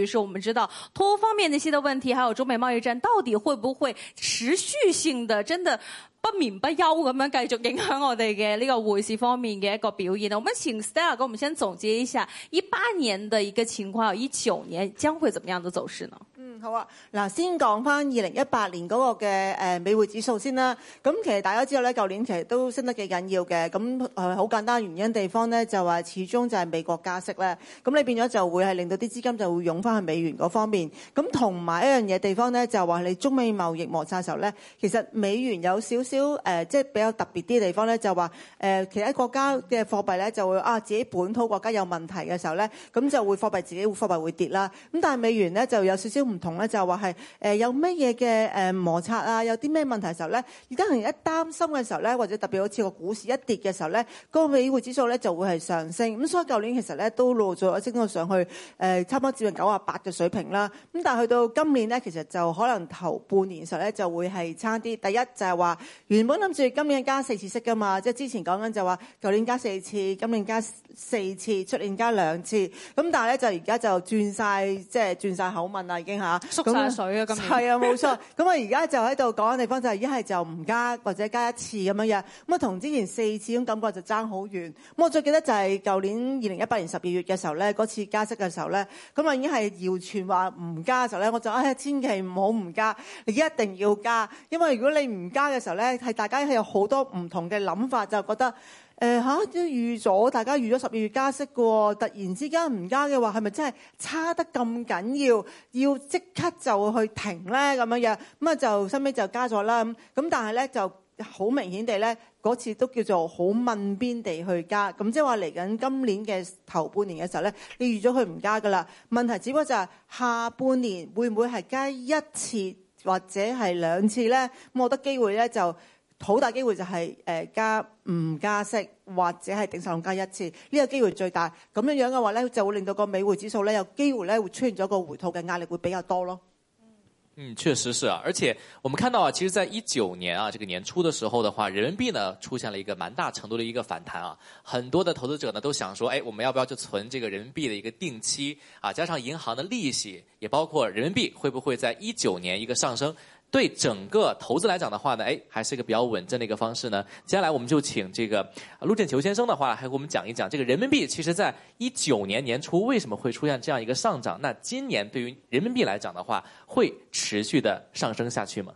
於是我們知道，脫歐方面那些的問題，還有中美貿易戰，到底會不會持續性的？真的不明白。要我們繼續影響我哋嘅呢個匯市，這個，方面嘅一個表現呢？我們請 Stella 我們先總結一下一八年的一個情況，一九年將會怎麼樣的走勢呢？嗯，好啊。嗱，先講翻二零一八年嗰個嘅誒美匯指數先啦。咁其實大家知道咧，舊年其實都升得幾緊要嘅。咁誒好簡單原因地方咧，就話始終就係美國加息咧。咁你變咗就會係令到啲資金就會湧翻去美元嗰方面。咁同埋一樣嘢地方咧，就話你中美貿易摩擦嘅時候咧，其實美元有少少誒，即係比較特別啲地方咧，就話誒其他國家嘅貨幣咧就會啊自己本土國家有問題嘅時候咧，咁就會貨幣自己貨幣會跌啦。咁但係美元咧就有少少唔。同咧就係話係有乜嘢嘅誒摩擦啊，有啲咩問題嘅時候咧，而家人一擔心嘅時候咧，或者特別好似個股市一跌嘅時候咧，個美匯指數咧就會係上升。咁所以舊年其實咧都露咗一升到上去，誒差唔多接近九啊八嘅水平啦。咁但係去到今年咧，其實就可能頭半年嘅時候咧就會係差啲。第一就係話原本諗住今年加四次息㗎嘛，即係之前講緊就話舊年加四次，今年加四次，出年加兩次。咁但係咧就而家就轉晒，即係轉晒口吻啦，已經嚇。縮水啊！咁係啊，冇錯。咁 我而家就喺度講嘅地方就係一係就唔加或者加一次咁樣樣，咁啊同之前四次咁感覺就爭好遠。咁我最記得就係舊年二零一八年十二月嘅時候咧，嗰次加息嘅時候咧，咁啊已經係謠傳話唔加嘅時候咧，我就唉、哎、千祈唔好唔加，你一定要加，因為如果你唔加嘅時候咧，係大家有好多唔同嘅諗法，就覺得。誒嚇都預咗，大家預咗十二月加息嘅喎、哦，突然之間唔加嘅話，係咪真係差得咁緊要，要即刻就去停呢？咁樣樣。咁啊就收尾就加咗啦。咁但係呢，就好明顯地呢，嗰次都叫做好問邊地去加。咁即係話嚟緊今年嘅頭半年嘅時候呢，你預咗佢唔加㗎啦。問題只不過就係下半年會唔會係加一次或者係兩次呢？咁我覺得機會呢，就～好大機會就係誒加唔加息或者係頂上加一次，呢個機會最大咁樣樣嘅話呢，就會令到個美匯指數呢，有機會呢，會出現咗個回吐嘅壓力會比較多咯。嗯，嗯，確實是啊，而且我們看到啊，其實在一九年啊，這個年初的時候的話，人民幣呢，出現了一個蠻大程度嘅一個反彈啊，很多的投資者呢都想說，誒、哎，我們要不要就存這個人民幣嘅一個定期啊？加上銀行的利息，也包括人民幣，會不會在一九年一個上升？對整個投資來講的話呢，誒、哎，還是一個比較穩陣的一個方式呢。接下來我們就請這個陸振球先生的話，還給我們講一講，這個人民幣其實在一九年年初為什麼會出現這樣一個上漲？那今年對於人民幣來講的話，會持續的上升下去嗎？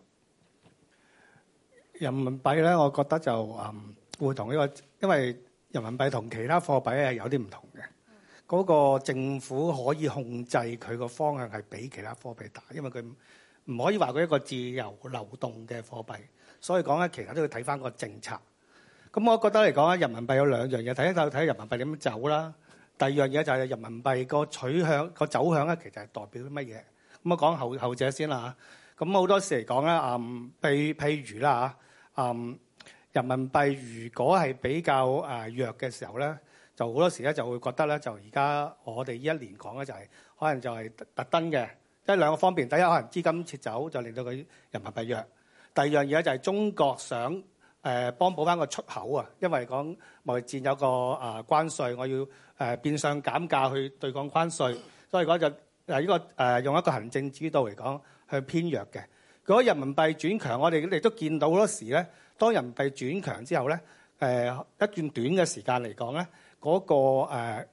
人民幣呢我覺得就嗯，會同呢、這個，因為人民幣同其他貨幣係有啲唔同嘅，嗰、嗯、個政府可以控制佢個方向係比其他貨幣大，因為佢。唔可以話佢一個自由流動嘅貨幣，所以講咧，其實都要睇翻個政策。咁我覺得嚟講咧，人民幣有兩樣嘢，睇一睇睇人民幣點樣走啦。第二樣嘢就係人民幣個取向、個走向咧，其實係代表啲乜嘢？咁我講後後者先啦。咁好多時嚟講咧，嗯，譬譬如啦吓，嗯，人民幣如果係比較誒弱嘅時候咧，就好多時咧就會覺得咧，就而家我哋呢一年講嘅就係、是、可能就係特登嘅。即係兩個方面，第一可能資金撤走就令到佢人民幣弱；第二樣嘢就係中國想誒幫補翻個出口啊，因為講貿易戰有一個啊、呃、關稅，我要誒、呃、變相減價去對抗關稅，所以講就誒呢個誒用一個行政主導嚟講去偏弱嘅。如果人民幣轉強，我哋亦都見到好多時咧，當人民幣轉強之後咧，誒、呃、一段短嘅時間嚟講咧，嗰、那個誒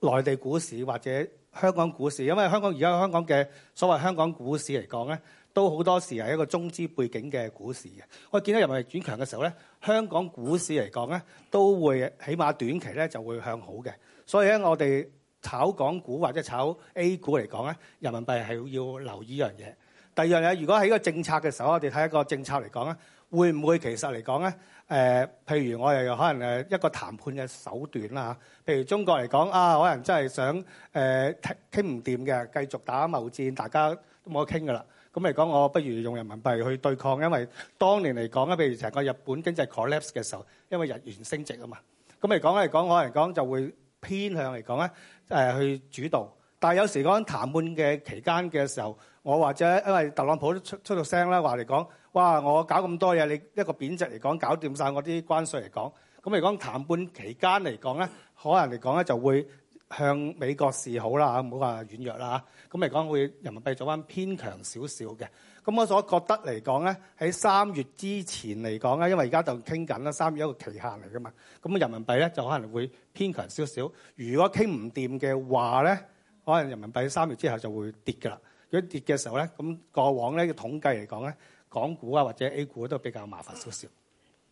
內、呃、地股市或者。香港股市，因為現在香港而家香港嘅所謂香港股市嚟講咧，都好多時係一個中資背景嘅股市嘅。我見到人民幣轉強嘅時候咧，香港股市嚟講咧都會起碼短期咧就會向好嘅。所以咧，我哋炒港股或者炒 A 股嚟講咧，人民幣係要留意一樣嘢。第二樣嘢，如果喺個政策嘅時候，我哋睇一個政策嚟講咧，會唔會其實嚟講咧？誒、呃，譬如我又可能誒一個談判嘅手段啦嚇，譬如中國嚟講啊，可能真係想誒傾唔掂嘅，繼續打貿戰，大家都冇得傾噶啦。咁嚟講，我不如用人民幣去對抗，因為當年嚟講咧，譬如成個日本經濟 collapse 嘅時候，因為日元升值啊嘛。咁嚟講嚟講，我嚟講就會偏向嚟講咧誒去主導，但係有時講談判嘅期間嘅時候。我或者因為特朗普都出出到聲啦，話嚟講，哇！我搞咁多嘢，你一個貶值嚟講，搞掂晒我啲關稅嚟講，咁嚟講談判期間嚟講咧，可能嚟講咧就會向美國示好啦吓，唔好話軟弱啦吓。咁嚟講會人民幣做翻偏強少少嘅。咁我所覺得嚟講咧，喺三月之前嚟講咧，因為而家就傾緊啦，三月一個期限嚟㗎嘛。咁人民幣咧就可能會偏強少少。如果傾唔掂嘅話咧，可能人民幣三月之後就會跌㗎啦。如果跌嘅時候呢，咁過往呢嘅統計嚟講，呢港股啊或者 A 股都比較麻煩少少。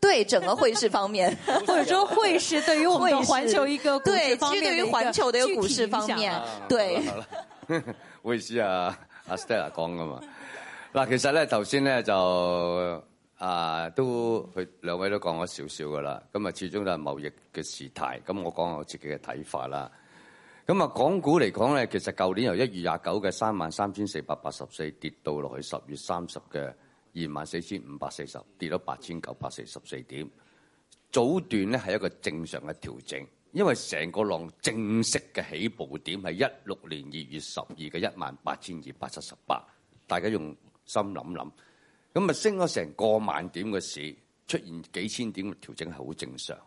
對整個匯市方面，或者說匯市對於我們環球一個對，對於環球的一個股市方面，對。匯市對 啊， 阿 Stella 講噶嘛？嗱，其實咧，頭先咧就啊，都佢兩位都講咗少少噶啦。咁啊，始終都係貿易嘅事態。咁我講我自己嘅睇法啦。咁啊，港股嚟講咧，其實舊年由一月廿九嘅三萬三千四百八十四跌到落去十月三十嘅。二萬四千五百四十跌到八千九百四十四點，早段咧係一個正常嘅調整，因為成個浪正式嘅起步點係一六年二月十二嘅一萬八千二百七十八，大家用心諗諗，咁啊升咗成個萬點嘅市出現幾千點嘅調整係好正常，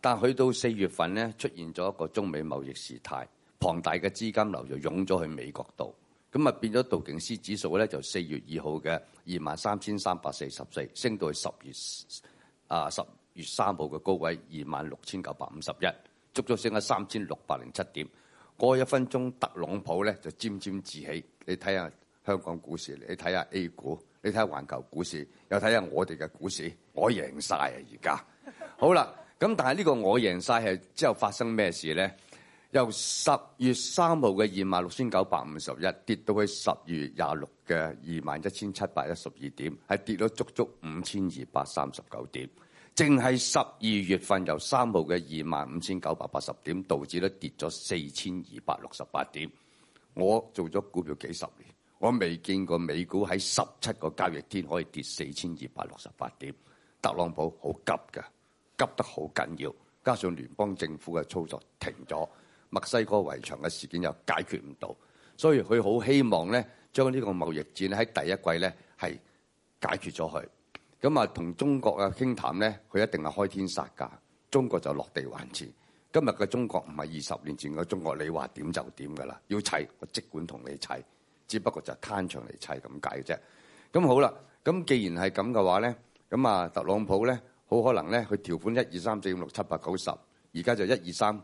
但係去到四月份咧出現咗一個中美貿易事態，龐大嘅資金流就湧咗去美國度。咁啊變咗道瓊斯指數咧，就四月二號嘅二萬三千三百四十四，升到去十月啊十月三號嘅高位二萬六千九百五十一，足足升咗三千六百零七點。過、那個、一分鐘，特朗普咧就沾沾自喜。你睇下香港股市，你睇下 A 股，你睇下環球股市，又睇下我哋嘅股市，我贏晒啊現在！而家好啦，咁但係呢個我贏晒係之後發生咩事咧？由十月三號嘅二萬六千九百五十一跌到去十二月廿六嘅二萬一千七百一十二點，係跌咗足足五千二百三十九點。淨係十二月份由三號嘅二萬五千九百八十點，導致咧跌咗四千二百六十八點。我做咗股票幾十年，我未見過美股喺十七個交易天可以跌四千二百六十八點。特朗普好急㗎，急得好緊要，加上聯邦政府嘅操作停咗。墨西哥圍牆嘅事件又解決唔到，所以佢好希望咧，將呢個貿易戰喺第一季咧係解決咗佢。咁啊，同中國嘅傾談咧，佢一定係開天殺價，中國就落地還錢。今日嘅中國唔係二十年前嘅中國，你話點就點㗎啦，要砌我即管同你砌，只不過就是攤場嚟砌咁解啫。咁好啦，咁既然係咁嘅話咧，咁啊特朗普咧，好可能咧佢條款一二三四五六七八九十，而家就一二三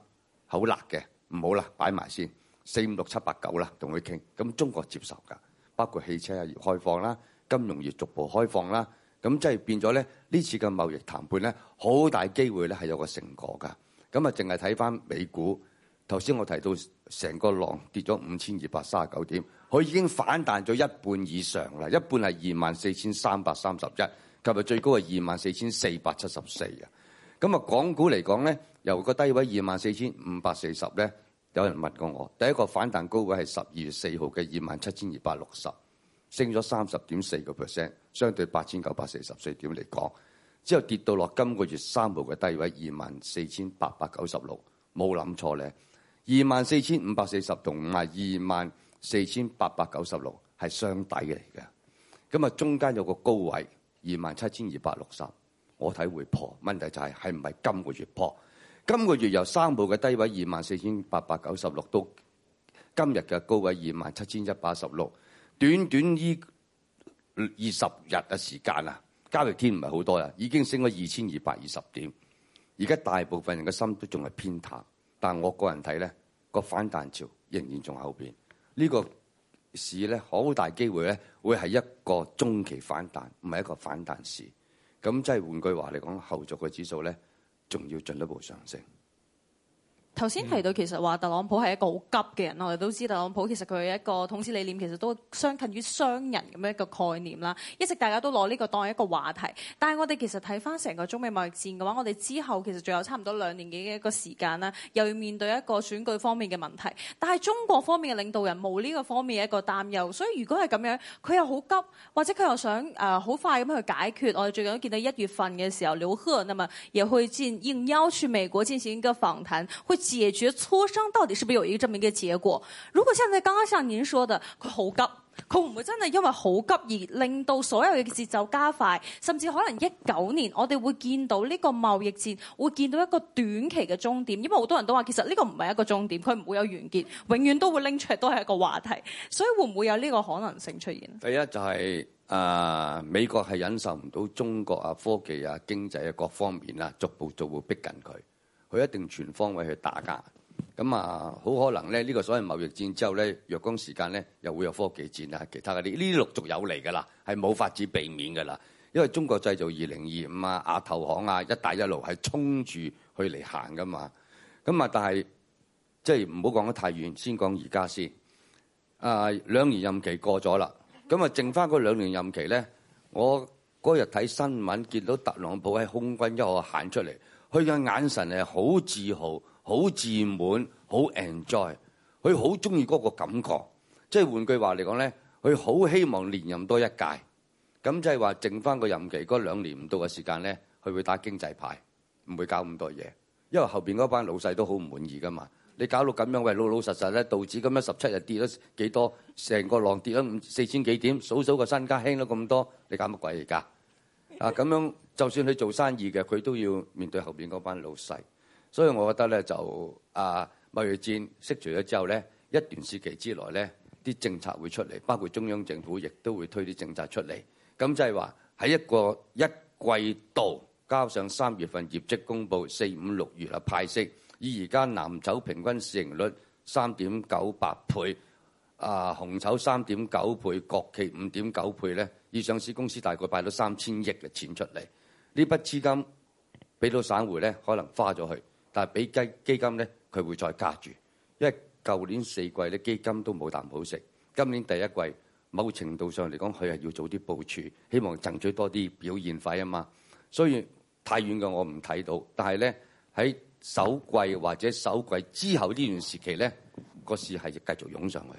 好辣嘅。唔好啦，擺埋先，四五六七八九啦，同佢傾。咁中國接受噶，包括汽車業開放啦，金融業逐步開放啦。咁即係變咗咧，呢次嘅貿易談判咧，好大機會咧係有個成果噶。咁啊，淨係睇翻美股。頭先我提到成個浪跌咗五千二百三十九點，佢已經反彈咗一半以上啦，一半係二萬四千三百三十一，今日最高係二萬四千四百七十四啊。咁啊，港股嚟講咧。由個低位二萬四千五百四十咧，有人問過我。第一個反彈高位係十二月四號嘅二萬七千二百六十，升咗三十點四個 percent，相對八千九百四十四點嚟講，之後跌到落今個月三號嘅低位二萬四千八百九十六，冇諗錯咧，二萬四千五百四十同埋二萬四千八百九十六係相抵嘅嚟嘅。咁啊，中間有個高位二萬七千二百六十，我睇會破。問題就係係唔係今個月破？今個月由三部嘅低位二萬四千八百九十六到今日嘅高位二萬七千一百十六，短短依二十日嘅時間啊，交易天唔係好多啊，已經升咗二千二百二十點。而家大部分人嘅心都仲係偏淡，但我個人睇咧，個反彈潮仍然仲後邊。呢個市咧，好大機會咧，會係一個中期反彈，唔係一個反彈市。咁即係換句話嚟講，後續嘅指數咧。仲要進一步上升。頭先提到其實話特朗普係一個好急嘅人，我哋都知道特朗普其實佢一個統治理念其實都相近於商人咁樣一個概念啦。一直大家都攞呢個當一個話題，但係我哋其實睇翻成個中美貿易戰嘅話，我哋之後其實仲有差唔多兩年幾嘅一個時間啦，又要面對一個選舉方面嘅問題。但係中國方面嘅領導人冇呢個方面嘅一個擔憂，所以如果係咁樣，佢又好急，或者佢又想誒好、呃、快咁去解決。我哋最近都見到一月份嘅時候，劉鶴，那麼也會進應邀去美國進行一個訪談，解決磋商到底是不是有一個正面嘅結果？如果現在剛剛像剛才您說的佢好急，佢唔會真的因為好急而令到所有嘅節奏加快，甚至可能一九年我哋會見到呢個貿易戰會見到一個短期嘅終點，因為好多人都話其實呢個唔係一個終點，佢唔會有完結，永遠都會拎出嚟都係一個話題，所以會唔會有呢個可能性出現？第一就係、是、啊、呃，美國係忍受唔到中國啊科技啊經濟啊各方面啊逐步逐步逼緊佢。佢一定全方位去打架，咁啊，好可能咧，呢個所謂貿易戰之後咧，若干時間咧，又會有科技戰啊，其他嗰啲，呢啲陸續有嚟噶啦，係冇法子避免噶啦，因為中國製造二零二五啊、亞投行啊、一帶一路係衝住去嚟行噶嘛，咁啊，但係即係唔好講得太遠，先講而家先。啊，兩年任期過咗啦，咁啊，剩翻嗰兩年任期咧，我嗰日睇新聞見到特朗普喺空軍一號行出嚟。佢嘅眼神係好自豪、好自滿、好 enjoy，佢好鍾意嗰個感覺。即係換句話嚟講呢，佢好希望連任多一屆。咁即係話剩返個任期嗰兩年唔到嘅時間呢，佢會打經濟牌，唔會搞咁多嘢。因為後面嗰班老細都好唔滿意㗎嘛。你搞到咁樣喂，老老實實呢道指咁樣十七日跌咗幾多？成個浪跌咗四千幾點，數數個身家輕咗咁多，你搞乜鬼而家？啊，咁樣就算佢做生意嘅，佢都要面對後面嗰班老細，所以我覺得咧就啊，貿易戰識除咗之後咧，一段時期之內咧，啲政策會出嚟，包括中央政府亦都會推啲政策出嚟。咁就係話喺一個一季度，加上三月份業績公佈，四五六月啊派息。而而家藍籌平均市盈率三點九八倍，啊紅籌三點九倍，國企五點九倍咧。以上市公司大概擺咗三千億嘅錢出嚟，呢筆資金俾到省會咧，可能花咗去，但係俾基基金咧，佢會再加住，因為舊年四季咧基金都冇啖好食，今年第一季某程度上嚟講，佢係要做啲部署，希望爭取多啲表現費啊嘛。雖然太遠嘅我唔睇到，但係咧喺首季或者首季之後呢段時期咧，個市係繼續湧上去。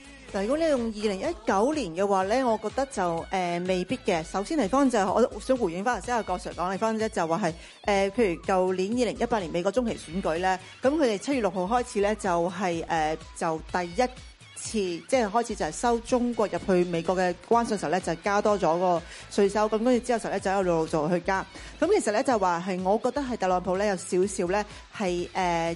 但如果你用二零一九年嘅話呢，我覺得就誒、呃、未必嘅。首先嚟講就係、是，我想回應翻頭先阿郭 sir 講嘅翻咧，就話、是、係、呃、譬如舊年二零一八年美國中期選舉咧，咁佢哋七月六號開始咧、就是，就係誒就第一次即係開始就係收中國入去美國嘅關稅時候咧，就是、加多咗個稅收。咁跟住之後時候咧，就一路做去加。咁其實咧就話係，我覺得係特朗普咧有少少咧係誒。呃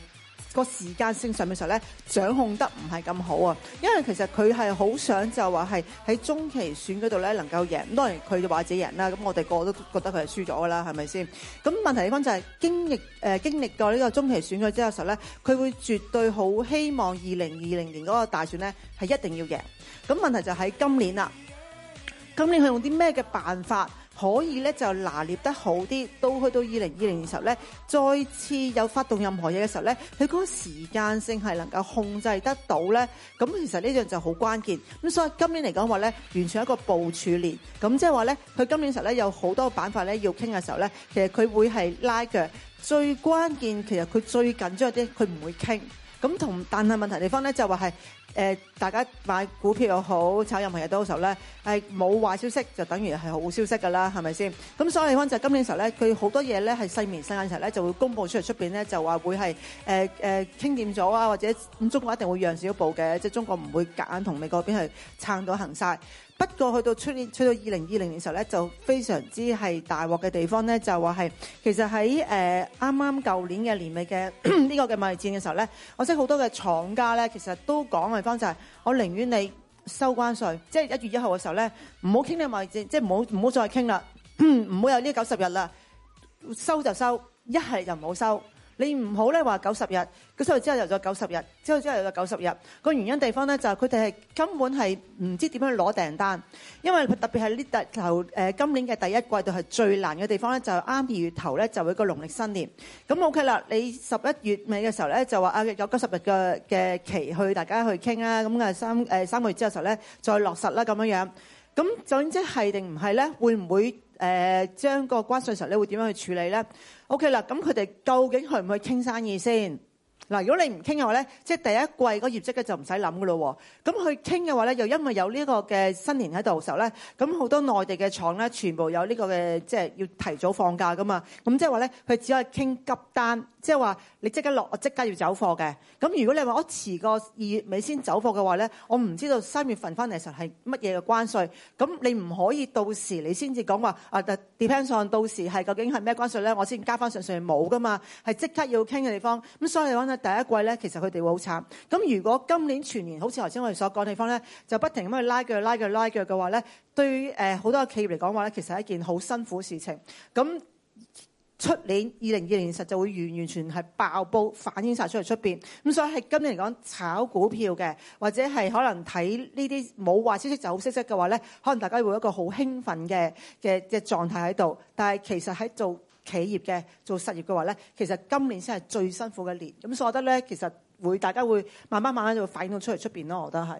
個時間性上面嘅時候咧，掌控得唔係咁好啊，因為其實佢係好想就話係喺中期選舉嗰度呢能夠贏，當然佢就話自己贏啦，咁我哋個個都覺得佢係輸咗㗎啦，係咪先？咁問題地方就係經歷誒經歷過呢個中期選舉之後嘅時候咧，佢會絕對好希望二零二零年嗰個大選呢係一定要贏。咁問題就喺今年啦，今年佢用啲咩嘅辦法？可以呢，就拿捏得好啲，到去到二零二零年嘅時候呢，再次有發動任何嘢嘅時候呢，佢嗰個時間性係能夠控制得到呢。咁其實呢樣就好關鍵。咁所以今年嚟講話呢，完全係一個部署年，咁即係話呢，佢今年實呢，有好多板塊呢要傾嘅時候呢，其實佢會係拉腳。最關鍵其實佢最緊張啲，佢唔會傾。咁同但係問題的地方呢、就是，就話係誒大家買股票又好，炒任何嘢都好時候呢，係冇壞消息就等於係好消息㗎啦，係咪先？咁所以嘅話就今年嘅時候咧，佢好多嘢呢係細面新間時間嘅時候咧就會公佈出嚟，出面呢就話會係誒誒傾掂咗啊，或者中國一定會讓少步嘅，即中國唔會夾硬同美國嗰邊去撐到行晒。不過去到到二零二零年的時候呢，就非常之係大鑊嘅地方呢，就話係其實喺誒啱啱舊年嘅年尾嘅呢、呢個嘅貿易戰嘅時候呢，我識好多嘅廠家呢，其實都講嘅方就係，我寧願你收關稅，即係一月一號嘅時候呢，唔好傾呢個貿易戰，即係唔好再傾喇唔好有呢九十日喇，收就收，一係就唔好收。你唔好咧話九十日，佢出去之後又咗九十日，之後之後又咗九十日。那天那個原因地方呢，就佢哋係根本係唔知點樣攞訂單，因為特別係呢頭誒今年嘅第一季度係最難嘅地方呢，就係啱二月頭呢，就會一個農曆新年。咁 OK 啦，你十一月尾嘅時候呢，就話有九十日嘅期去大家去傾啦，咁三誒三個月之後嘅時候咧再落實啦咁樣樣。咁究竟即係定唔係呢？會唔會？誒、呃、將個關稅嘅時候你會點樣去處理咧？OK 啦，咁佢哋究竟去唔去傾生意先？嗱，如果你唔傾嘅話咧，即係第一季嗰個業績咧就唔使諗㗎咯喎。咁去傾嘅話咧，又因為有呢個嘅新年喺度嘅時候咧，咁好多內地嘅廠咧，全部有呢個嘅即係要提早放假㗎嘛。咁即係話咧，佢只可以傾急單。即係話你即刻落，我即刻要走貨嘅。咁如果你話我遲過二月尾先走貨嘅話咧，我唔知道三月份翻嚟嘅時候係乜嘢嘅關稅。咁你唔可以到時你先至講話啊，depends on 到時係究竟係咩關稅咧，我先加翻上上冇噶嘛。係即刻要傾嘅地方。咁所以你講咧，第一季咧，其實佢哋會好慘。咁如果今年全年好似頭先我哋所講地方咧，就不停咁去拉鋸、拉鋸、拉鋸嘅話咧，對於誒好、呃、多企業嚟講話咧，其實係一件好辛苦嘅事情。咁出年二零二零年實就會完完全係爆煲，反映晒出嚟出邊。咁所以喺今年嚟講，炒股票嘅或者係可能睇呢啲冇壞消息就好消息嘅話咧，可能大家會有一個好興奮嘅嘅嘅狀態喺度。但係其實喺做企業嘅做實業嘅話咧，其實今年先係最辛苦嘅一年。咁所以我覺得咧，其實會大家會慢慢慢慢就會反映到出嚟出邊咯。我覺得係。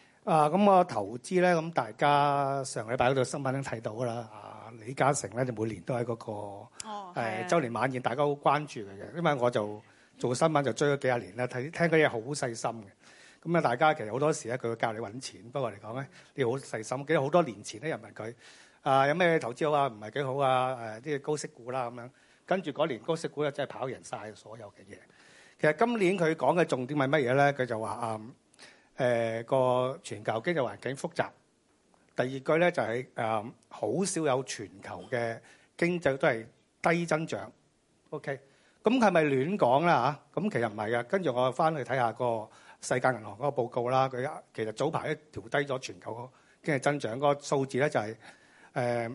啊，咁我投資咧，咁大家上禮拜嗰度新聞都睇到啦。啊，李嘉誠咧就每年都喺嗰、那個哦，誒週、呃、的年晚宴，大家都好關注佢嘅。因為我就做新聞就追咗幾廿年啦，睇聽嗰啲嘢好細心嘅。咁啊，大家其實好多時咧，佢會教你揾錢，不過嚟講咧，你好細心。記得好多年前咧，又問佢啊，有咩投資好啊？唔係幾好啊？啲、啊、高息股啦、啊、咁樣。跟住嗰年高息股咧，真係跑贏晒所有嘅嘢。其實今年佢講嘅重點係乜嘢咧？佢就話啊。誒個全球經濟環境複雜，第二句咧就係誒好少有全球嘅經濟都係低增長。OK，咁係咪亂講啦吓？咁其實唔係噶。跟住我翻去睇下個世界銀行嗰個報告啦。佢其實早排咧調低咗全球經濟增長嗰個數字咧，就係誒二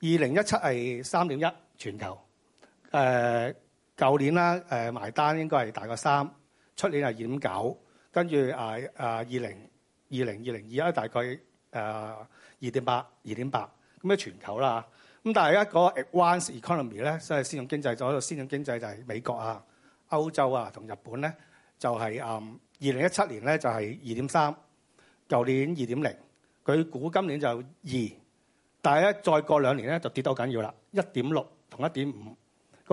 零一七係三點一全球。誒舊年啦，誒埋單應該係大過三，出年係二點九。跟住啊啊！二零二零二零二一大概誒二點八二點八咁咧全球啦。咁但係而家嗰個 Advanced Economy 咧，即係先進經濟，咗個先進經濟就係美國啊、歐洲啊同日本咧，就係誒二零一七年咧就係二點三，舊年二點零，佢估今年就二，但係咧再過兩年咧就跌到緊要啦，一點六同一點五。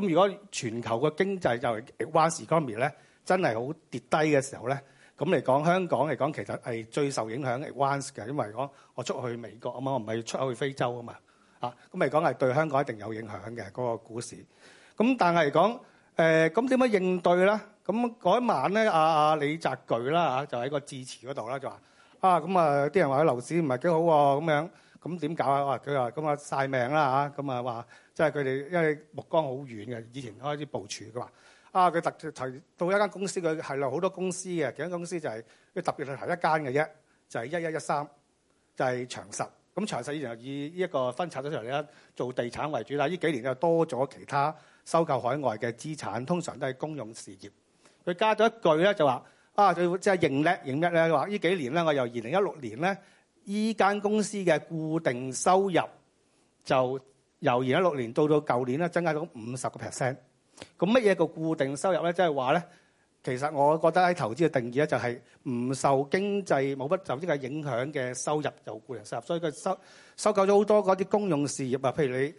咁如果全球個經濟就係 Advanced Economy 咧，真係好跌低嘅時候咧。咁嚟講，香港嚟講其實係最受影響嘅 ones 嘅，因為講我出去美國啊嘛，我唔係出去非洲啊嘛，啊咁嚟講係對香港一定有影響嘅嗰個股市。咁但係嚟講，誒咁點樣應對咧？咁嗰一晚咧，阿阿李澤鉅啦嚇，就喺個致辭嗰度咧就話：啊咁啊，啲人話啲樓市唔係幾好喎，咁樣咁點搞啊？佢話：咁啊晒命啦嚇，咁啊話即係佢哋因為目光好遠嘅，以前開始部署嘅話。啊！佢特提到一間公司，佢係內好多公司嘅，幾間公司就係、是、佢特別係提一間嘅啫，就係一一一三，就係長實。咁長實以前以一個分拆咗出嚟咧，做地產為主啦。呢幾年就多咗其他收購海外嘅資產，通常都係公用事業。佢加咗一句咧，就話啊，佢即係認叻認叻咧，話呢幾年咧，我由二零一六年咧，依間公司嘅固定收入就由二零一六年到到舊年咧，增加咗五十個 percent。咁乜嘢叫固定收入咧？即係話咧，其實我覺得喺投資嘅定義咧，就係唔受經濟冇不受呢個影響嘅收入就固定收入。所以佢收收購咗好多嗰啲公用事業啊，譬如你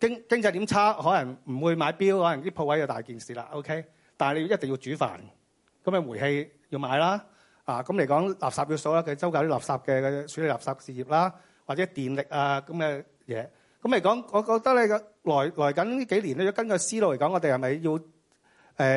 經經濟點差，可能唔會買錶，可能啲鋪位就大件事啦。OK，但係你一定要煮飯，咁嘅煤氣要買啦。啊，咁嚟講垃圾要掃啦，佢周街啲垃圾嘅處理垃圾事業啦，或者電力啊咁嘅嘢。咁嚟講，我覺得你。個。來來緊呢幾年咧，根據思路嚟講，我哋係咪要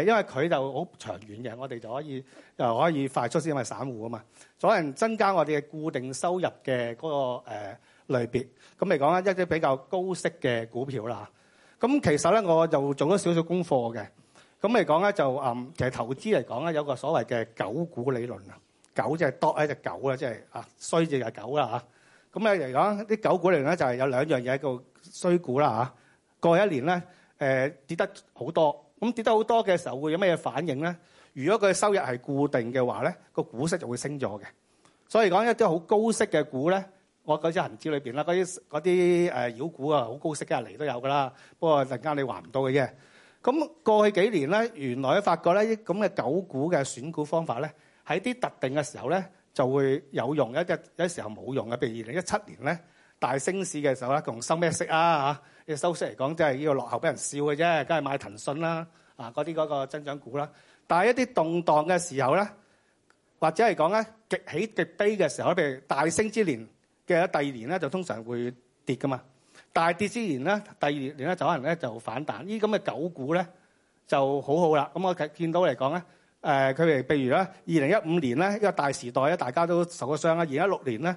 誒，因為佢就好長遠嘅，我哋就可以又可以快速先，因為散戶啊嘛，可能增加我哋嘅固定收入嘅嗰個誒類別咁嚟講咧，一啲比較高息嘅股票啦。咁其實咧，我就做咗少少功課嘅。咁嚟講咧，就誒，其實投資嚟講咧，有個所謂嘅狗股理論啊。狗即係多一隻狗啊，即係啊衰就係狗啦嚇。咁咧嚟講啲狗股理論咧，就係有兩樣嘢叫衰股啦嚇。過去一年咧，誒跌得好多，咁跌得好多嘅時候會有咩反應咧？如果佢收入係固定嘅話咧，個股息就會升咗嘅。所以講一啲好高息嘅股咧，我嗰隻恆指裏邊啦，嗰啲嗰啲誒妖股啊，好高息嘅嚟都有㗎啦。不過陣間你話唔到嘅啫。咁過去幾年咧，原來咧發覺咧，啲咁嘅九股嘅選股方法咧，喺啲特定嘅時候咧就會有用，一啲有啲時候冇用嘅。譬如二零一七年咧大升市嘅時候咧，同收咩息啊嚇？嘅收息嚟講，真係要落後俾人笑嘅啫，梗係買騰訊啦，啊嗰啲嗰個增長股啦。但係一啲動盪嘅時候咧，或者係講咧極起極悲嘅時候，譬如大升之年嘅第二年咧，就通常會跌噶嘛。大跌之年咧，第二年咧就可能咧就反彈。呢啲咁嘅九股咧就很好好啦。咁我見到嚟講咧，誒佢哋譬如咧，二零一五年咧一個大時代咧，大家都受過傷啦；二一六年咧，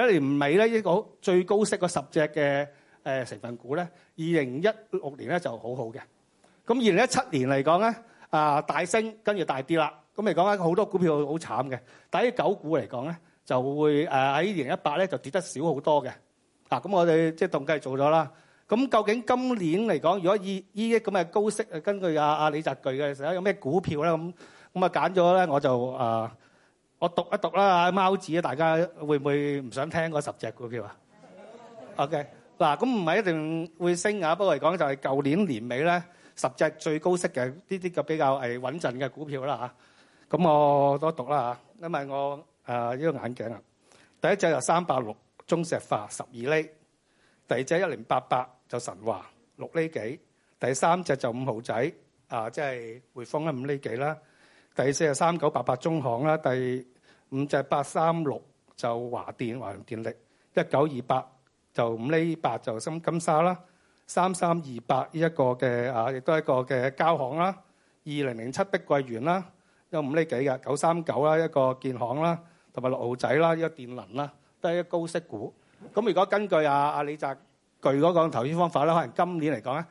二一年尾咧一個最高息個十隻嘅。誒成分股咧，二零一六年咧就好好嘅。咁二零一七年嚟講咧，啊大升跟住大跌啦。咁嚟講咧，好多股票好慘嘅。但係啲九股嚟講咧，就會誒喺二零一八咧就跌得少好多嘅。啊，咁我哋即係凍雞做咗啦。咁究竟今年嚟講，如果以呢啲咁嘅高息，根據阿阿李澤巨嘅時候有咩股票咧，咁咁啊揀咗咧，我就啊我讀一讀啦。貓子，大家會唔會唔想聽嗰十隻股票啊？OK。嗱，咁唔係一定會升啊，不過嚟講就係舊年年尾咧，十隻最高息嘅呢啲嘅比較係穩陣嘅股票啦嚇。咁我多讀啦嚇，因為我呢、呃這個眼鏡啊。第一隻就三百六中石化十二厘，第二隻一零八八就神華六厘幾，第三隻就五號仔啊，即係匯豐啦五厘幾啦，第四係三九八八中行啦，第五隻八三六就華電華潤電力一九二八。就五厘八就深金沙啦，三三二八依一個嘅啊，亦都係一個嘅交行啦，二零零七碧桂園啦，有五厘幾嘅九三九啦，一個建行啦，同埋六號仔啦，一個電能啦，都係一高息股。咁如果根據啊啊李澤鉅嗰個投資方法咧，可能今年嚟講咧，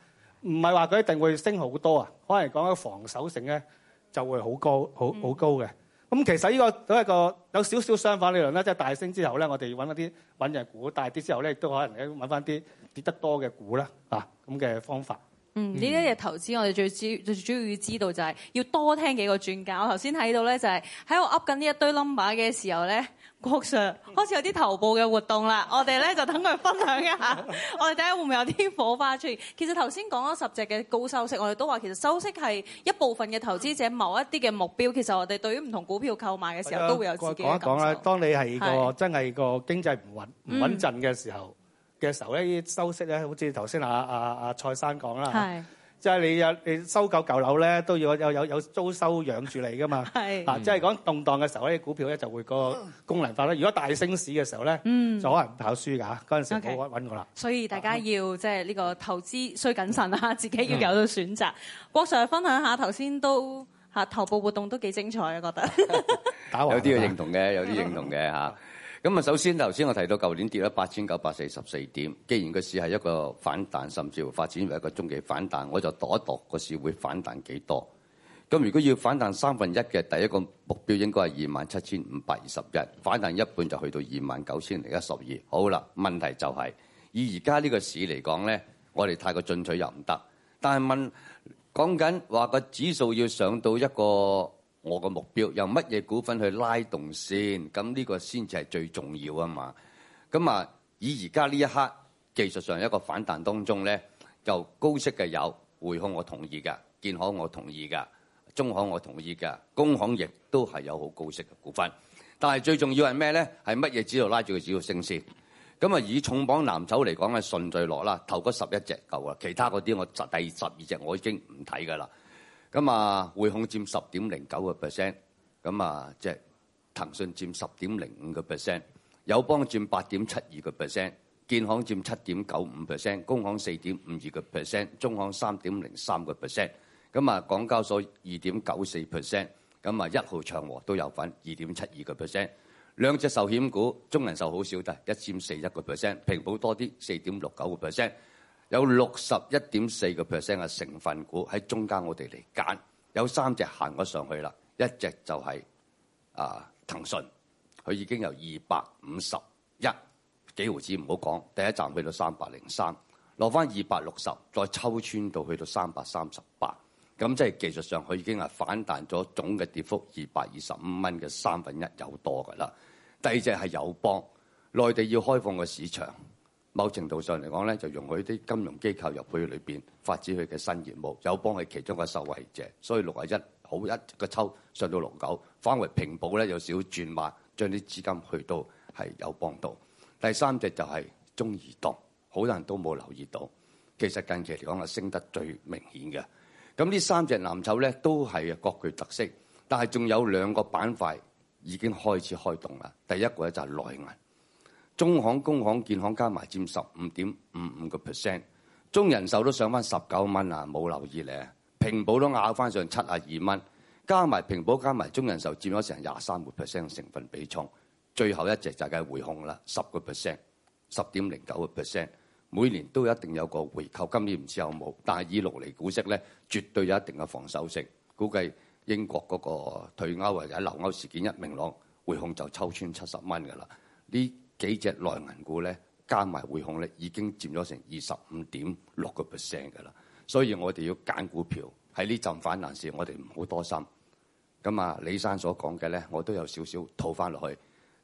唔係話佢一定會升好多啊，可能講嘅防守性咧就會好高，好好高嘅。咁其實呢個都係一個有少少相反理論啦，即係大升之後咧，我哋搵一啲穩嘅股，大跌之後亦都可能搵返啲跌得多嘅股啦，啊，咁嘅方法。嗯，呢一嘢投資我哋最主最主要最主要要知道就係要多聽幾個專家。我頭先睇到咧就係、是、喺我 Up 緊呢一堆 number 嘅時候咧，郭 Sir 開始有啲頭部嘅活動啦。我哋咧就等佢分享一下，我哋睇下會唔會有啲火花出現。其實頭先講咗十隻嘅高收息，我哋都話其實收息係一部分嘅投資者某一啲嘅目標。其實我哋對於唔同股票購買嘅時候都會有自己嘅感受。講一講啦，當你係個是真係個經濟唔穩唔穩陣嘅時候。嗯嘅時候咧，收息咧，好似頭先阿阿阿蔡生講啦，即係你有你收購舊樓咧，都要有有有租收養住你噶嘛，啊，即係講動盪嘅時候咧，股票咧就會個功能化啦。如果大升市嘅時候咧，就可能跑輸㗎嚇，嗰陣時冇搵我啦。所以大家要即係呢個投資需謹慎啊，自己要有選擇。郭 Sir 分享下，頭先都嚇頭部活動都幾精彩啊，覺得有啲要認同嘅，有啲認同嘅嚇。咁首先頭先我提到舊年跌咗八千九百四十四點，既然個市係一個反彈甚至乎發展為一個中期反彈，我就度一度個市會反彈幾多？咁如果要反彈三分一嘅第一個目標應該係二萬七千五百二十一，反彈一半就去到二萬九千零一十二。好啦，問題就係以而家呢個市嚟講咧，我哋太過進取又唔得，但係問講緊話個指數要上到一個。我個目標由乜嘢股份去拉動先？咁呢個先至係最重要啊嘛！咁啊，以而家呢一刻技術上一個反彈當中咧，就高息嘅有，匯控我同意噶，建行我同意噶，中行我同意噶，工行亦都係有好高息嘅股份。但係最重要係咩咧？係乜嘢指數拉住個指數升先？咁啊，以重磅藍籌嚟講啊，順序落啦，頭嗰十一隻夠啦，其他嗰啲我第十二隻我已經唔睇噶啦。咁啊，匯控佔十點零九個 percent，咁啊，即係、就是、騰訊佔十點零五個 percent，友邦佔八點七二個 percent，建行佔七點九五 percent，工行四點五二個 percent，中行三點零三個 percent，咁啊，港交所二點九四 percent，咁啊，一號長和都有份二點七二個 percent，兩隻壽險股，中人壽好少，得一點四一個 percent，平保多啲，四點六九個 percent。有六十一點四個 percent 嘅成分股喺中間，我哋嚟揀有三隻行咗上去啦，一隻就係、是、啊騰訊，佢已經由二百五十一幾毫子唔好講，第一站去到三百零三，落翻二百六十，再抽穿到去到三百三十八，咁即係技術上佢已經係反彈咗總嘅跌幅二百二十五蚊嘅三分一有多噶啦。第二隻係友邦，內地要開放個市場。某程度上嚟講咧，就容許啲金融機構入去裏面發展佢嘅新業務，有幫佢其中嘅受惠者。所以六啊一好一個抽上到六九，翻回平保咧有少少轉慢，將啲資金去到係有幫到。第三隻就係中移動，好多人都冇留意到，其實近期嚟講啊升得最明顯嘅。咁呢三隻藍籌咧都係各具特色，但係仲有兩個板塊已經開始開動啦。第一個咧就係內銀。中行、工行、建行加埋佔十五點五五個 percent，中人壽都上翻十九蚊啊！冇留意咧，平保都咬翻上七啊二蚊，加埋平保加埋中人壽佔咗成廿三個 percent 成分比重，最後一隻就係匯控啦，十個 percent，十點零九個 percent，每年都一定有一個回扣，今年唔知有冇，但係以六釐股息咧，絕對有一定嘅防守性。估計英國嗰個退歐或者留歐事件一明朗，匯控就抽穿七十蚊噶啦，呢～幾隻內銀股咧，加埋匯控咧，已經佔咗成二十五點六個 percent 嘅啦。所以我哋要揀股票喺呢陣反彈市，我哋唔好多心。咁啊，李生所講嘅咧，我都有少少套翻落去。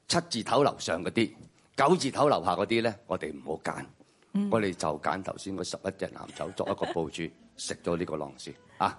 七字頭樓上嗰啲，九字頭樓下嗰啲咧，我哋唔好揀。嗯、我哋就揀頭先嗰十一隻藍籌作一個佈局，食咗呢個浪先啊！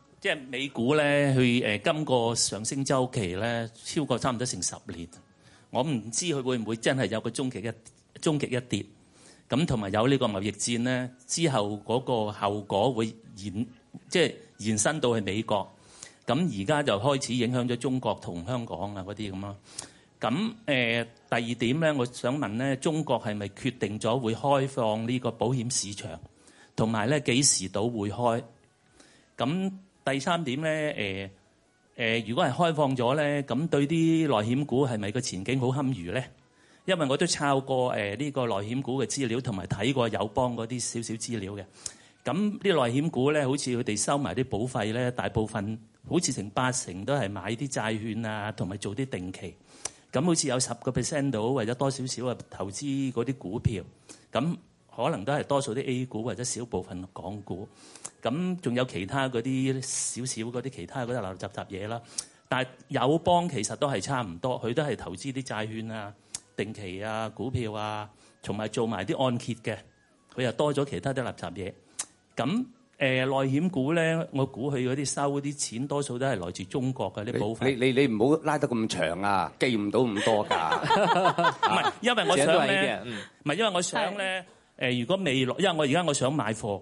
即係美股咧，佢今個上升周期咧超過差唔多成十年，我唔知佢會唔會真係有一個終極一終極一跌？咁同埋有呢個貿易戰咧之後嗰個後果會延，即係延伸到去美國，咁而家就開始影響咗中國同香港啊嗰啲咁咯。咁、呃、第二點咧，我想問咧，中國係咪決定咗會開放呢個保險市場，同埋咧幾時到會開？咁第三點咧、呃呃，如果係開放咗咧，咁對啲內險股係咪個前景好堪虞咧？因為我都抄過呢、呃呢個內險股嘅資料，同埋睇過友邦嗰啲少少資料嘅。咁啲內險股咧，好似佢哋收埋啲保費咧，大部分好似成八成都係買啲債券啊，同埋做啲定期。咁好似有十個 percent 到，或者多少少啊，投資嗰啲股票。咁可能都係多數啲 A 股，或者少部分港股。咁仲有其他嗰啲少少嗰啲其他嗰啲垃垃雜雜嘢啦，但係友邦其實都係差唔多，佢都係投資啲債券啊、定期啊、股票啊，同埋做埋啲按揭嘅，佢又多咗其他啲垃圾嘢。咁誒、呃、內險股咧，我估佢嗰啲收嗰啲錢多數都係來自中國嘅啲保費。你你你唔好拉得咁長啊，記唔到咁多㗎。唔 係因為我想咧，唔係、嗯、因為我想咧。誒是，如果未來，因為我而家我想買貨。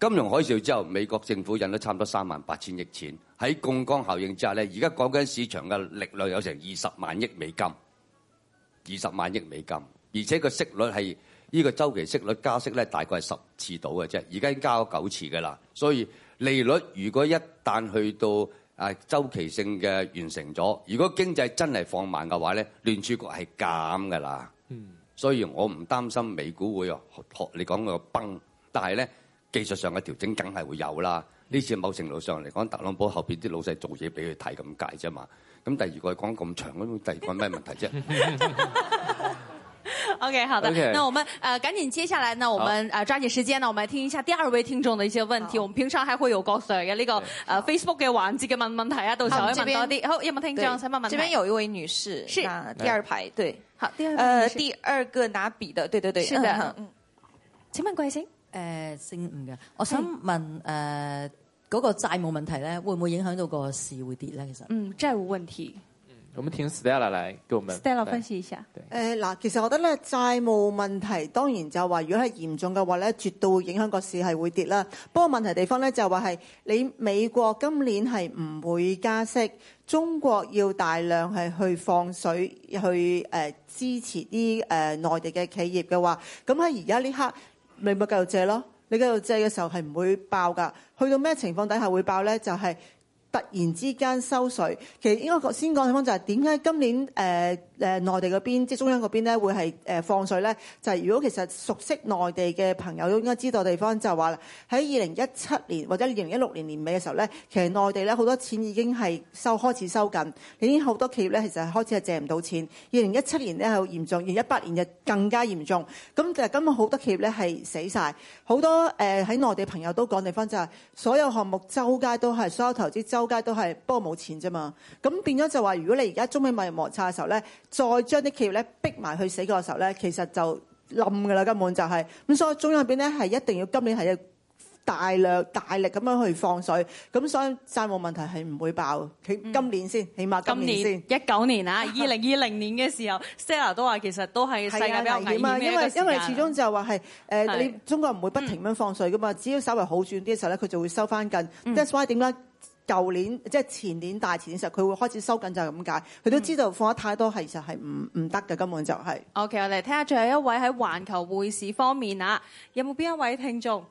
金融海嘯之後，美國政府印咗差唔多三萬八千億錢喺槓桿效應之下咧，而家講緊市場嘅力量有成二十萬億美金，二十萬億美金，而且個息率係呢個週期息率加息咧，大概係十次到嘅啫。而家已經加咗九次噶啦，所以利率如果一旦去到啊週期性嘅完成咗，如果經濟真係放慢嘅話咧，聯儲局係減噶啦。嗯，所以我唔擔心美股會學學你講個崩，但係咧。技術上嘅調整梗係會有啦，呢次某程度上嚟講，特朗普後面啲老細做嘢俾佢睇咁解啫嘛。咁第二個講咁長，咁第二個咩問題啫？OK，好的。那我們呃趕緊，接下來呢，我們抓緊時間呢，我們嚟聽一下第二位聽眾的一些問題。我們平常係會有國上嘅呢個呃 Facebook 嘅環節嘅問問題啊，到時候可以問多啲。好，有冇聽眾請問問。呢邊有一位女士，是第二排，對好，第二位呃，第二個拿筆的，對對對是的，嗯，請問貴姓？誒姓吳嘅，我想問誒嗰是、呃嗰個債務問題咧，會唔會影響到個市會跌咧？其實嗯，債務問題。嗯，咁請 Stella 嚟跟我們,們 Stella 分析一下。嗱來、呃，其實我覺得咧，債務問題當然就話，如果係嚴重嘅話咧，絕對會影響個市係會跌啦。不過問題地方咧就話係你美國今年係唔會加息，中國要大量係去放水去、呃、支持啲誒內地嘅企業嘅話，咁喺而家呢刻。你咪繼續借咯，你繼續借嘅時候係唔會爆噶。去到咩情況底下會爆咧？就係、是。突然之間收水，其實應該先講地方就係點解今年誒誒、呃、內地嗰邊即係中央嗰邊咧會係誒放水咧？就係、是、如果其實熟悉內地嘅朋友都應該知道地方就係話啦，喺二零一七年或者二零一六年年尾嘅時候咧，其實內地咧好多錢已經係收開始收緊，已經好多企業咧其實係開始係借唔到錢。二零一七年咧係好嚴重，二零一八年就更加嚴重。咁就係今日好多企業咧係死晒。好多誒喺、呃、內地朋友都講地方就係、是、所有項目周街都係所有投資周。周街都係，不過冇錢啫嘛。咁變咗就話，如果你而家中美貿易摩擦嘅時候咧，再將啲企業咧逼埋去死角嘅時候咧，其實就冧噶啦，根本就係咁。所以中央入邊咧係一定要今年係要大量大力咁樣去放水，咁所以債務問題係唔會爆。起今年先，起碼今年先一九年啊，二零二零年嘅時候，Sarah 都話其實都係世界比較危險嘅時間。因為因為始終就話係誒，你中國唔會不停咁樣放水噶嘛。只要稍微好轉啲嘅時候咧，佢就會收翻緊。That's why 點解？舊年即係、就是、前年大前年時候，佢會開始收緊就係咁解。佢都知道放得太多係實係唔唔得嘅，根本就係、是。OK，我哋睇下最後一位喺環球匯市方面啊，有冇邊一位聽眾？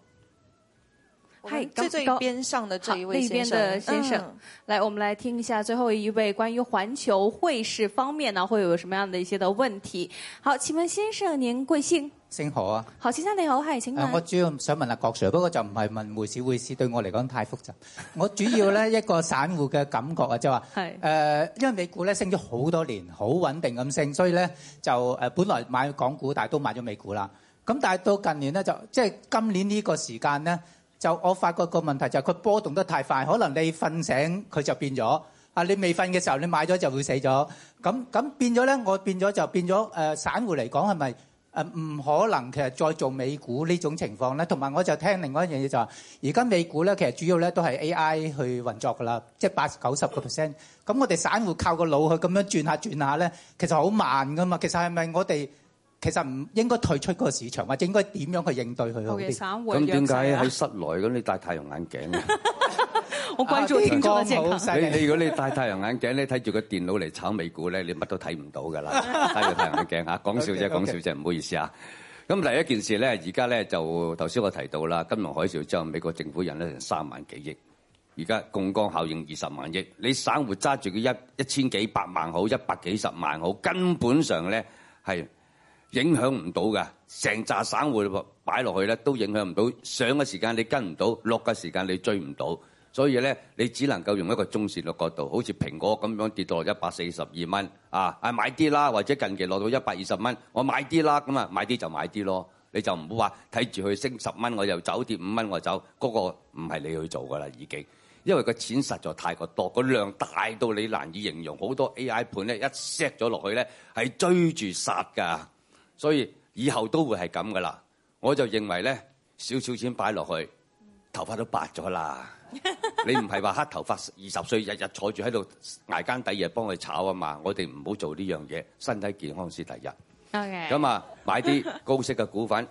係最最邊上嘅。這一位先生，先生嗯、來，我們來聽一下最後一位關於環球匯市方面呢、啊，會有什麼樣的一些的問題？好，請問先生您貴姓？星河啊，何先生你好，係請問。我主要想問下郭 Sir，不過就唔係問匯市匯市，對我嚟講太複雜。我主要咧一個散戶嘅感覺啊，即係話誒，因為美股咧升咗好多年，好穩定咁升，所以咧就誒本來買港股，但係都買咗美股啦。咁但係到近年咧就即係今年呢個時間咧，就我發覺個問題就係佢波動得太快，可能你瞓醒佢就變咗啊！你未瞓嘅時候你買咗就會死咗。咁咁變咗咧，我變咗就變咗誒，散戶嚟講係咪？誒唔可能其實再做美股呢種情況咧，同埋我就聽另外一樣嘢就係，而家美股咧其實主要咧都係 AI 去運作噶啦，即係八九十個 percent。咁我哋散戶靠個腦去咁樣轉下轉下咧，其實好慢噶嘛。其實係咪我哋？其實唔應該退出嗰個市場，或者應該點樣去應對佢？咁點解喺室內咁你戴太陽眼鏡？ 我關注經濟好。你你如果你戴太陽眼鏡，你睇住個電腦嚟炒美股咧，你乜都睇唔到噶啦！戴住太陽眼鏡嚇，講笑啫，講 Okay, okay. 笑啫，唔好意思啊。咁第一件事咧，而家咧就頭先我提到啦，金融海嘯之後，美國政府印咧成三萬幾億，而家槓桿效應二十萬億，你省會揸住佢一一千幾百萬好，一百幾十萬好，根本上咧係。影響唔到㗎，成扎省會擺落去咧都影響唔到。上嘅時間你跟唔到，落嘅時間你追唔到，所以咧你只能夠用一個中線嘅角度，好似蘋果咁樣跌到一百四十二蚊啊！啊買啲啦，或者近期落到一百二十蚊，我買啲啦咁啊，買啲就買啲咯。你就唔好話睇住佢升十蚊，我又走跌五蚊，我走嗰個唔係你去做㗎啦，已經因為個錢實在太過多，個量大到你難以形容，好多 AI 盤咧一 set 咗落去咧係追住殺㗎。所以以後都會係咁噶啦。我就認為咧少少錢擺落去，頭髮都白咗啦。你唔係話黑頭髮二十歲日日坐住喺度捱間底嘢幫佢炒啊嘛？我哋唔好做呢樣嘢，身體健康先第一。咁啊，買啲高息嘅股份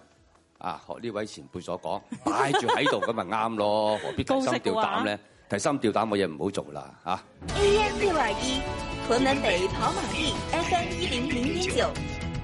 啊，學呢位前輩所講，擺住喺度咁咪啱咯，何必提心吊膽咧？提心吊膽我嘢唔好做啦嚇。A M 六二一，屯門北跑馬地 F M 一零零點九。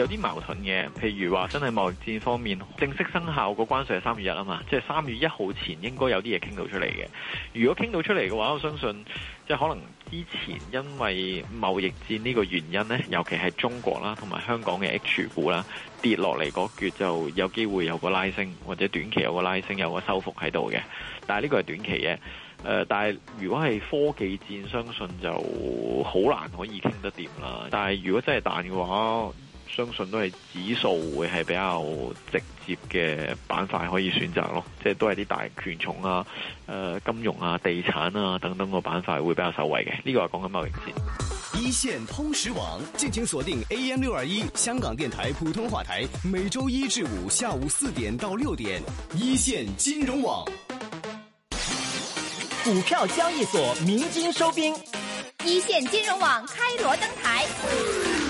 有啲矛盾嘅，譬如話真係貿易戰方面正式生效嗰關稅係三月一啊嘛，即係三月一號前應該有啲嘢傾到出嚟嘅。如果傾到出嚟嘅話，我相信即係可能之前因為貿易戰呢個原因呢，尤其係中國啦同埋香港嘅 H 股啦跌落嚟嗰橛，就有機會有個拉升，或者短期有個拉升有個收復喺度嘅。但係呢個係短期嘅、呃，但係如果係科技戰，相信就好難可以傾得掂啦。但係如果真係彈嘅話，相信都係指數會係比較直接嘅板塊可以選擇咯，就是是、啊，即係都係啲大權重啊、誒金融啊、地產啊等等個板塊會比較受惠嘅。呢、這個係講緊歐元先。e 線通識網，敬請鎖定 AM 六二一香港電台普通話台，每周一至五下午四點到六點。e 線金融網，股票交易所鳴金收兵。e 線金融網開羅登台。